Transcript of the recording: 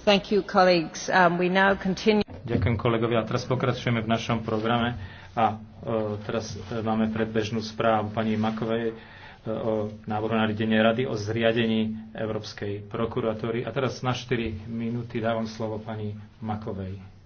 Um, Ďakujem kolegovia. A teraz pokračujeme v našom programe a e, teraz e, máme predbežnú správu pani Makovej e, o návrhu nariadenia Rady o zriadení Európskej prokuratúry. A teraz na 4 minúty dávam slovo pani Makovej.